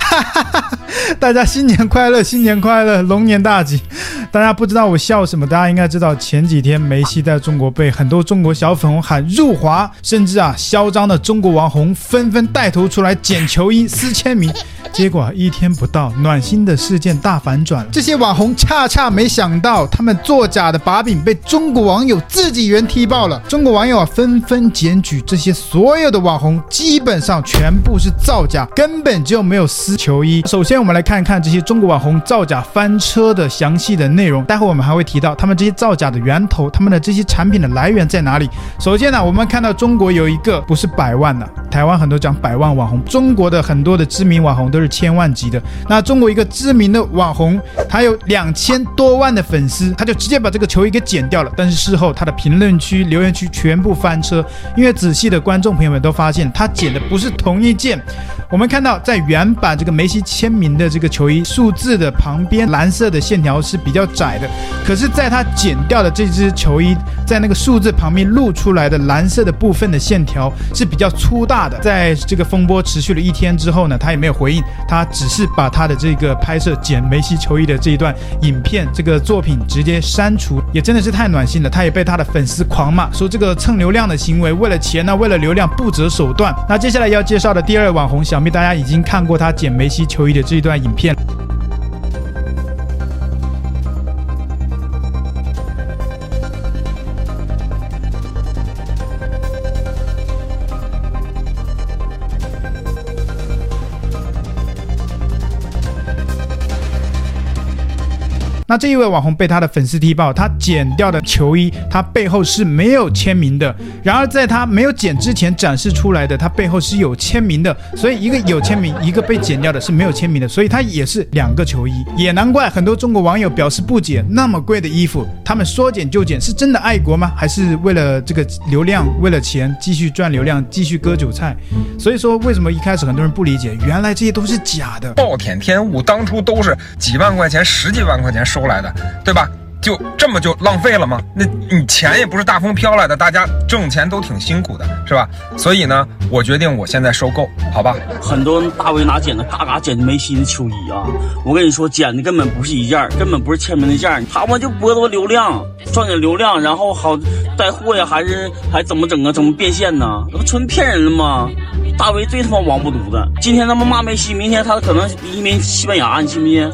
哈， 大家新年快樂，新年快樂，龍年大吉。大家不知道我笑什麼，大家應該知道前幾天梅西在中國被很多中國小粉紅喊辱華，甚至啊囂張的中國網紅紛紛帶頭出來剪球衣撕簽名，結果一天不到暖心的事件大反轉，這些網紅恰恰沒想到他們作假的把柄被中國網友自己人踢爆了，中國網友啊紛紛檢舉這些所有的網紅基本上全部是造假，根本就沒有撕球衣。首先我們來看看這些中國網紅造假翻車的詳細的內容。內容，待會我們還會提到他們這些造假的源頭，他們的這些產品的來源在哪裡？首先呢，我們看到中國有一個不是百萬的、啊，台灣很多講百萬網紅，中國的很多的知名網紅都是千萬級的。那中國一個知名的網紅，他有兩千多萬的粉絲，他就直接把這個球衣給剪掉了。但是事後他的評論區、留言區全部翻車，因為仔細的觀眾朋友們都發現他剪的不是同一件。我們看到在原版這個梅西簽名的這個球衣數字的旁邊，藍色的線條是比較。窄的，可是，在他剪掉的這只球衣，在那個數字旁邊露出來的藍色的部分的線條是比較粗大的。在這個風波持續了一天之後呢，他也沒有回應，他只是把他的這個拍攝剪梅西球衣的這一段影片，這個作品直接刪除，也真的是太暖心了。他也被他的粉絲狂罵，說這個蹭流量的行為，為了錢呢，為了流量不擇手段。那接下來要介紹的第二網紅，想必大家已經看過他剪梅西球衣的這一段影片。那這一位網紅被他的粉絲踢爆，他剪掉的球衣，他背後是沒有簽名的。然而在他沒有剪之前展示出來的，他背後是有簽名的。所以一個有簽名，一個被剪掉的是沒有簽名的。所以他也是兩個球衣，也難怪很多中國網友表示不解：那麼貴的衣服，他們說剪就剪，是真的愛國嗎？還是為了這個流量，為了錢繼續賺流量，繼續割韭菜？所以說為什麼一開始很多人不理解？原來這些都是假的，暴殄天物。當初都是幾萬塊錢，十幾萬塊錢。收來的，對吧？就這麼就浪費了嗎？那你錢也不是大風飄來的，大家掙錢都挺辛苦的，是吧？所以呢，我決定我現在收購，好吧？很多大 V 拿剪子嘎嘎剪梅西的球衣啊！我跟你說，剪的根本不是一件，根本不是簽名的件，他他媽就剝奪流量，賺點流量，然後好帶貨呀，還是還怎麼整啊？怎麼變現呢？那不純騙人了嗎？大 V 最他媽王八犢子！今天他媽罵梅西，明天他可能移民西班牙，你信不信？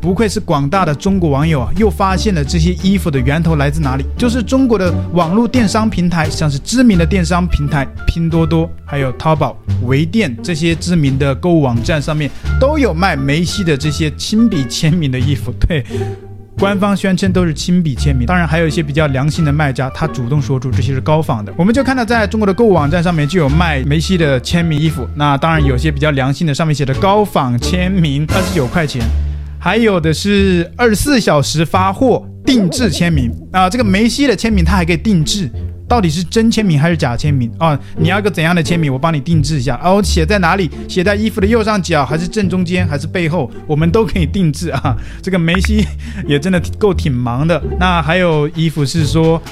不愧是廣大的中國網友啊！又發現了這些衣服的源頭來自哪裡，就是中國的網絡電商平台，像是知名的電商平台拼多多，還有淘寶、微店這些知名的購物網站上面，都有賣梅西的這些親筆簽名的衣服，對。官方宣稱都是親筆簽名，當然還有一些比較良心的賣家，他主動說出這些是高仿的。我們就看到，在中國的購物網站上面就有賣梅西的簽名衣服，那當然有些比較良心的，上面寫的高仿簽名，二十九塊錢，還有的是二十四小時發貨，定製簽名啊、呃，這個梅西的簽名他還可以定製。到底是真簽名還是假簽名啊？哦，你要個怎樣的簽名？我幫你定制一下。哦。寫在哪裡？寫在衣服的右上角，還是正中間，還是背後？我們都可以定制啊。這個梅西也真的夠挺忙的。那還有衣服是說。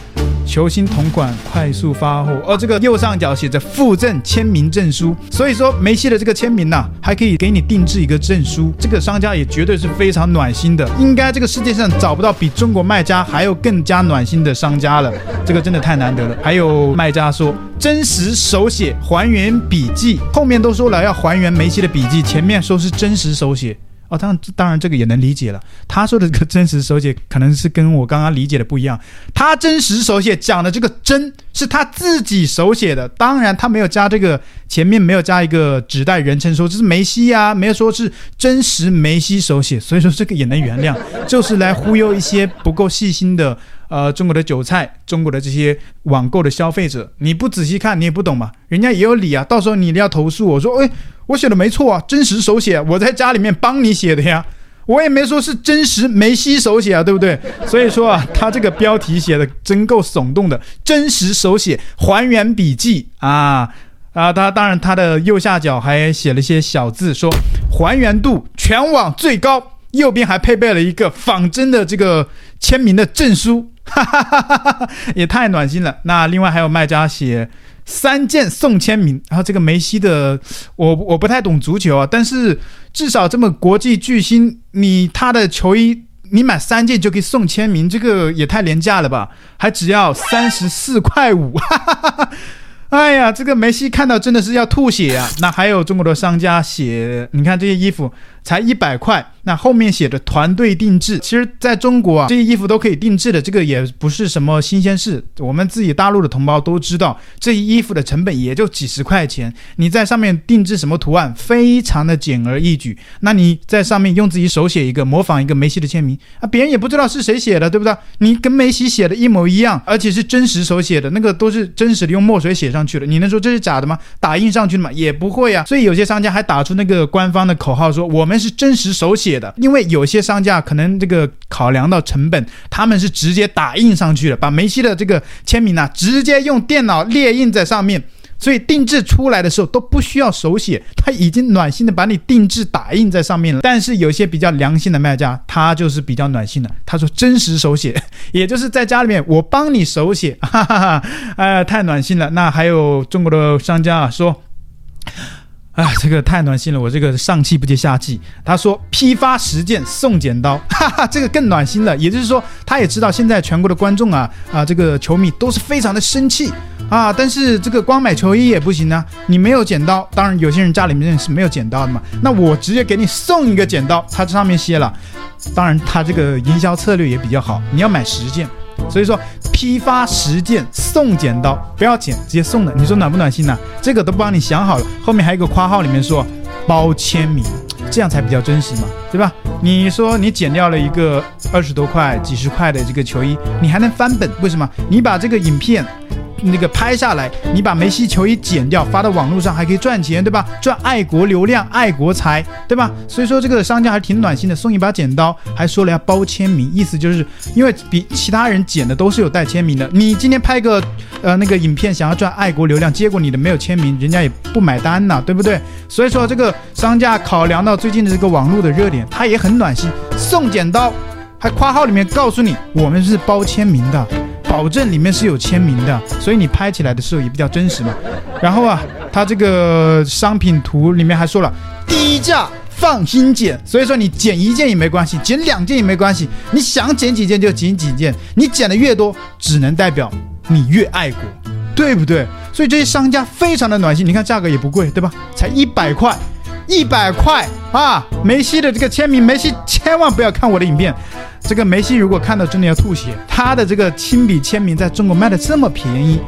球星同款，快速發貨。哦，這個右上角寫着附贈簽名證書，所以說梅西的這個簽名吶、啊，還可以給你定制一個證書。這個商家也絕對是非常暖心的，應該這個世界上找不到比中國賣家還要更加暖心的商家了。這個真的太難得了。還有賣家說真實手寫還原筆記，後面都說了要還原梅西的筆記，前面說是真實手寫。哦，當然，當然，這個也能理解了。他說的“這個真實手寫”可能是跟我剛剛理解的不一樣。他真實手寫講的這個“真”是他自己手寫的，當然他沒有加這個前面沒有加一個指代人稱說，這是梅西呀、啊，沒有說是真實梅西手寫，所以說這個也能原諒，就是來忽悠一些不夠細心的呃中國的韭菜、中國的這些網購的消費者。你不仔細看，你也不懂嘛。人家也有理啊，到時候你要投訴我說，誒。我寫的沒錯啊，真實手寫，我在家裡面幫你寫的呀，我也沒說是真實梅西手寫啊，對不對？所以說啊，他這個標題寫的真夠聳動的，真實手寫還原筆記啊啊，他當然他的右下角還寫了一些小字說還原度全網最高，右邊還配備了一個仿真的這個簽名的證書，哈哈哈哈哈，也太暖心了。那另外還有賣家寫。三件送簽名，然後這個梅西的，我我不太懂足球啊，但是至少這麼國際巨星，你他的球衣，你買三件就可以送簽名，這個也太廉價了吧？還只要三十四塊五，哈哈哈哈，哎呀，這個梅西看到真的是要吐血啊！那還有中國的商家寫，你看這些衣服，才一百塊，那後面寫的團隊定製，其實在中國啊，這些衣服都可以定製的，這個也不是什麼新鮮事。我們自己大陸的同胞都知道，這衣服的成本也就幾十塊錢，你在上面定製什麼圖案，非常的簡而易舉。那你在上面用自己手寫一個，模仿一個梅西的簽名啊，別人也不知道是誰寫的，對不對？你跟梅西寫的一模一樣，而且是真實手寫的，那個都是真實的用墨水寫上去的。你能說這是假的嗎？打印上去的嗎？也不會呀、啊。所以有些商家還打出那個官方的口號說，說我們。我們是真實手寫的，因為有些商家可能這個考量，到成本，他們是直接打印上去了，把梅西的這個簽名呢，直接用電腦列印在上面，所以定制出來的時候都不需要手寫，他已經暖心的把你定制打印在上面了。但是有些比較良心的賣家，他就是比較暖心的，他說真實手寫，也就是在家裡面我幫你手寫，哈哈，哈，哈，哎、呃，太暖心了。那還有中國的商家啊，說。啊，這個太暖心了，我這個上氣不接下氣。他說，批發十件送剪刀，哈哈，這個更暖心了。也就是說，他也知道現在全國的觀眾啊啊，這個球迷都是非常的生氣啊，但是這個光買球衣也不行啊，你沒有剪刀，當然有些人家裡面是沒有剪刀的嘛。那我直接給你送一個剪刀，他這上面寫了。當然，他這個營銷策略也比較好，你要買十件。所以說，批發十件送剪刀，不要錢，直接送的。你說暖不暖心呢、啊？這個都幫你想好了，後面還有一個括號，裡面說包簽名，這樣才比較真實嘛，對吧？你說你剪掉了一個二十多塊、幾十塊的這個球衣，你還能翻本？為什麼？你把這個影片，那個拍下來，你把梅西球衣剪掉發到網絡上還可以賺錢，對吧？賺愛國流量、愛國財，對吧？所以說這個商家還挺暖心的，送一把剪刀，還說了要包簽名，意思就是因為比其他人剪的都是有帶簽名的。你今天拍個呃那個影片想要賺愛國流量，結果你的沒有簽名，人家也不買單吶，對不對？所以說這個商家考量到最近的這個網絡的熱點，他也很暖心，送剪刀，還括號裡面告訴你，我們是包簽名的。保證裡面是有簽名的，所以你拍起來的時候也比較真實嘛。然後啊，他這個商品圖裡面還說了低價放心剪，所以說你剪一件也沒關係，剪兩件也沒關係，你想剪幾件就剪幾件，你剪的越多，只能代表你越愛國，對不對？所以這些商家非常的暖心，你看價格也不貴，對吧？才一百塊。一百塊啊！梅西的這個簽名，梅西千萬不要看我的影片。這個梅西如果看到，真的要吐血。他的這個親筆簽名在中國賣的這麼便宜，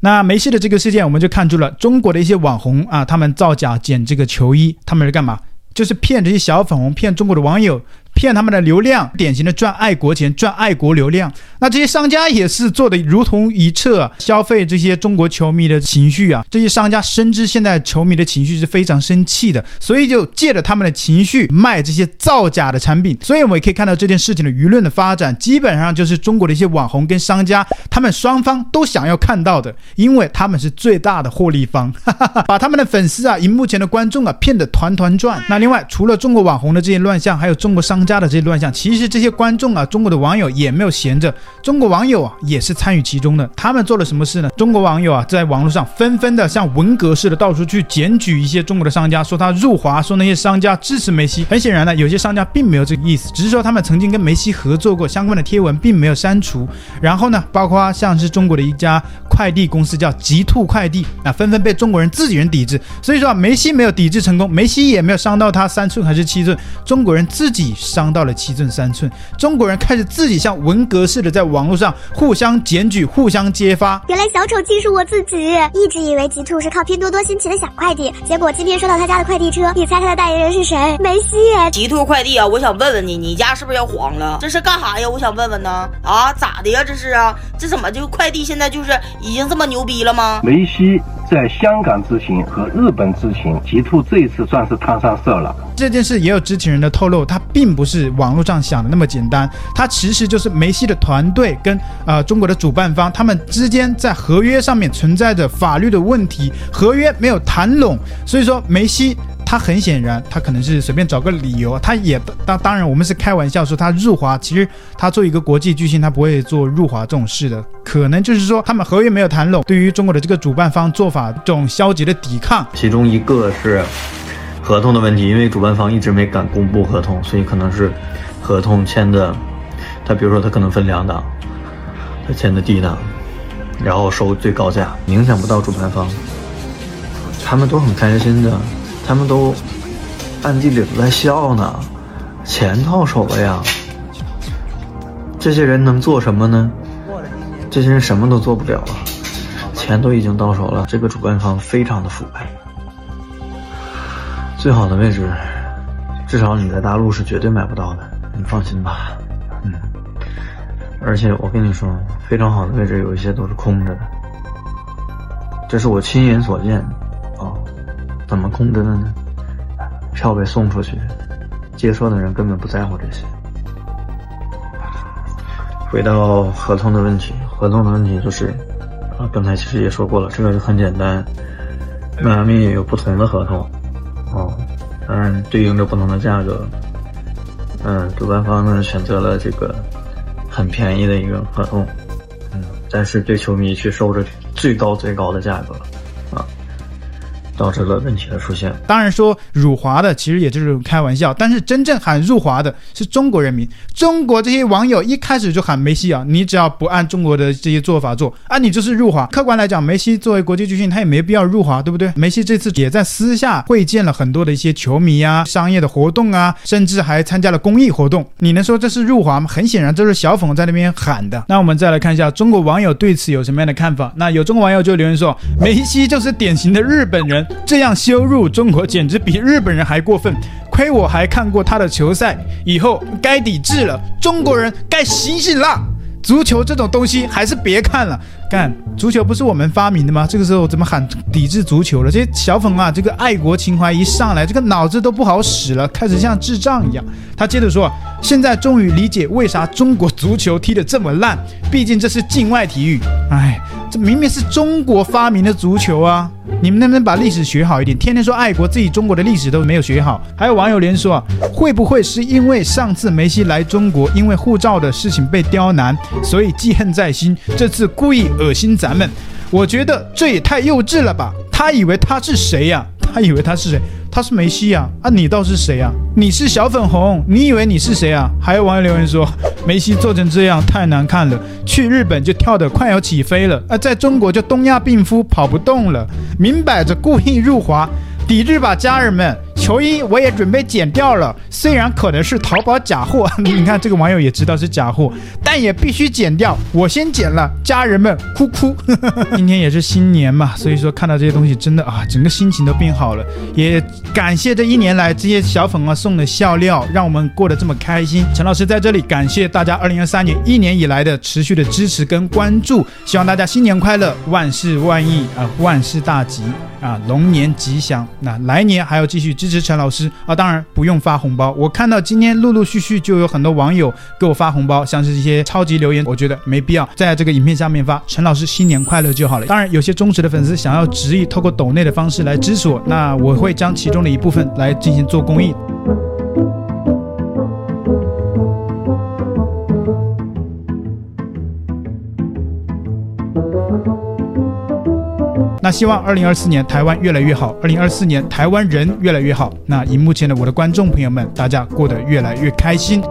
那梅西的這個事件我們就看出了中國的一些網紅啊，他們造假剪這個球衣，他們是幹嘛？就是騙這些小粉紅，騙中國的網友。騙他們的流量，典型的賺愛國錢，賺愛國流量。那這些商家也是做的如同一轍、啊，消費這些中國球迷的情緒啊。這些商家深知現在球迷的情緒是非常生氣的，所以就借着他們的情緒賣這些造假的產品。所以，我們也可以看到這件事情的輿論的發展，基本上就是中國的一些網紅跟商家，他們雙方都想要看到的，因為他們是最大的獲利方，哈哈哈，把他們的粉絲啊，熒幕前的觀眾啊，騙得團團轉。那另外，除了中國網紅的這些亂象，還有中國商家的這些亂象，其實這些觀眾啊，中國的網友也沒有閒着，中國網友啊也是參與其中的。他們做了什麼事呢？中國網友啊，在網絡上紛紛的像文革似的到處去檢舉一些中國的商家，說他辱華，說那些商家支持梅西。很顯然呢，有些商家並沒有這個意思，只是說他們曾經跟梅西合作過，相關的貼文並沒有刪除。然後呢，包括像是中國的一家。快遞公司叫極兔快遞啊，紛紛被中國人自己人抵制。所以說啊，梅西沒有抵制成功，梅西也沒有傷到他三寸還是七寸，中國人自己傷到了七寸三寸。中國人開始自己像文革似的，在網絡上互相檢舉、互相揭發。原來小丑竟是我自己，一直以為極兔是靠拼多多興起的小快遞，結果今天收到他家的快遞車，你猜他的代言人是誰？梅西。極兔快遞啊，我想問問你，你家是不是要黃了？這是幹啥呀？我想問問呢。啊，咋的呀？這是啊，這怎麼就快遞現在就是？已經這麼牛逼了嗎？梅西在香港之行和日本之行，極兔這一次算是攤上事了。這件事也有知情人的透露，他並不是網絡上想的那麼簡單，他其實就是梅西的團隊跟呃中國的主辦方他們之間在合約上面存在着法律的問題，合約沒有談攏，所以說梅西。他很顯然，他可能是隨便找個理由。他也當當然，我們是開玩笑說他入華。其實他作為一個國際巨星，他不會做入華這種事的。可能就是說他們合約沒有談攏，對於中國的這個主辦方做法，這種消極的抵抗。其中一個是合同的問題，因為主辦方一直沒敢公布合同，所以可能是合同簽的，他比如說他可能分兩檔，他簽的低檔，然後收最高價，影響不到主辦方。他們都很開心的。他們都暗地裡都在笑呢，錢到手了呀！這些人能做什麼呢？這些人什麼都做不了了，錢都已經到手了。這個主辦方非常的腐敗。最好的位置，至少你在大陸是絕對買不到的，你放心吧。嗯，而且我跟你說，非常好的位置有一些都是空着的，這是我親眼所見的。怎麼控制的呢？票被送出去，接收的人根本不在乎這些。回到合同的問題，合同的問題就是，啊，剛才其實也說過了，這個就很簡單。邁阿密也有不同的合同，哦，當然對應着不同的價格，嗯，主辦方呢選擇了這個很便宜的一個合同，嗯，但是對球迷卻收着最高最高的價格。導致了問題的出現。當然說辱華的其實也就是開玩笑，但是真正喊辱華的是中國人民。中國這些網友一開始就喊梅西啊，你只要不按中國的這些做法做，啊，你就是辱華。客觀來講，梅西作為國際巨星，他也沒必要辱華，對不對？梅西這次也在私下會見了很多的一些球迷啊，商業的活動啊，甚至還參加了公益活動。你能說這是辱華嗎？很顯然，這是小粉在那邊喊的。那我們再來看一下中國網友對此有什麼樣的看法。那有中國網友就留言說，梅西就是典型的日本人。這樣羞辱中國，簡直比日本人還過分！虧我還看過他的球賽，以後該抵制了。中國人該醒醒了，足球這種東西還是別看了。幹，足球不是我們發明的嗎？這個時候怎麼喊抵制足球了？這些小粉啊，這個愛國情懷一上來，這個腦子都不好使了，開始像智障一樣。他接着說，現在終於理解為啥中國足球踢得這麼爛，畢竟這是境外體育。唉。這明明是中國發明的足球啊！你們能不能把歷史學好一點？天天說愛國，自己中國的歷史都沒有學好。還有網友連說啊，會不會是因為上次梅西來中國，因為護照的事情被刁難，所以記恨在心，這次故意惡心咱們？我覺得這也太幼稚了吧！他以為他是誰呀、啊？他以為他是誰？他是梅西呀、啊！啊，你倒是誰呀、啊？你是小粉紅？你以為你是誰啊？還有網友留言說，梅西做成這樣太難看了，去日本就跳得快要起飛了，啊，在中國就東亞病夫跑不動了，明擺着故意辱華，抵制吧，家人們。球衣我也準備剪掉了，雖然可能是淘寶假貨，你看這個網友也知道是假貨，但也必須剪掉。我先剪了，家人們，哭哭。 今天也是新年嘛，所以說看到這些東西真的啊，整個心情都變好了。也感謝這一年來這些小粉啊送的笑料，讓我們過得這麼開心。陳老師在這裡感謝大家二零二三年一年以來的持續的支持跟關注，希望大家新年快樂，萬事萬意啊，萬事大吉啊，龍年吉祥。那來年還要繼續支持。支持陳老師啊，當然不用發紅包。我看到今天陸陸續續就有很多網友給我發紅包，像是一些超級留言，我覺得沒必要在這個影片下面發。陳老師新年快樂就好了。當然，有些忠實的粉絲想要執意透過抖內的方式來支持我，那我會將其中的一部分來進行做公益。那希望二零二四年台灣越來越好，二零二四年台灣人越來越好。那熒幕前的我的觀眾朋友們，大家過得越來越開心。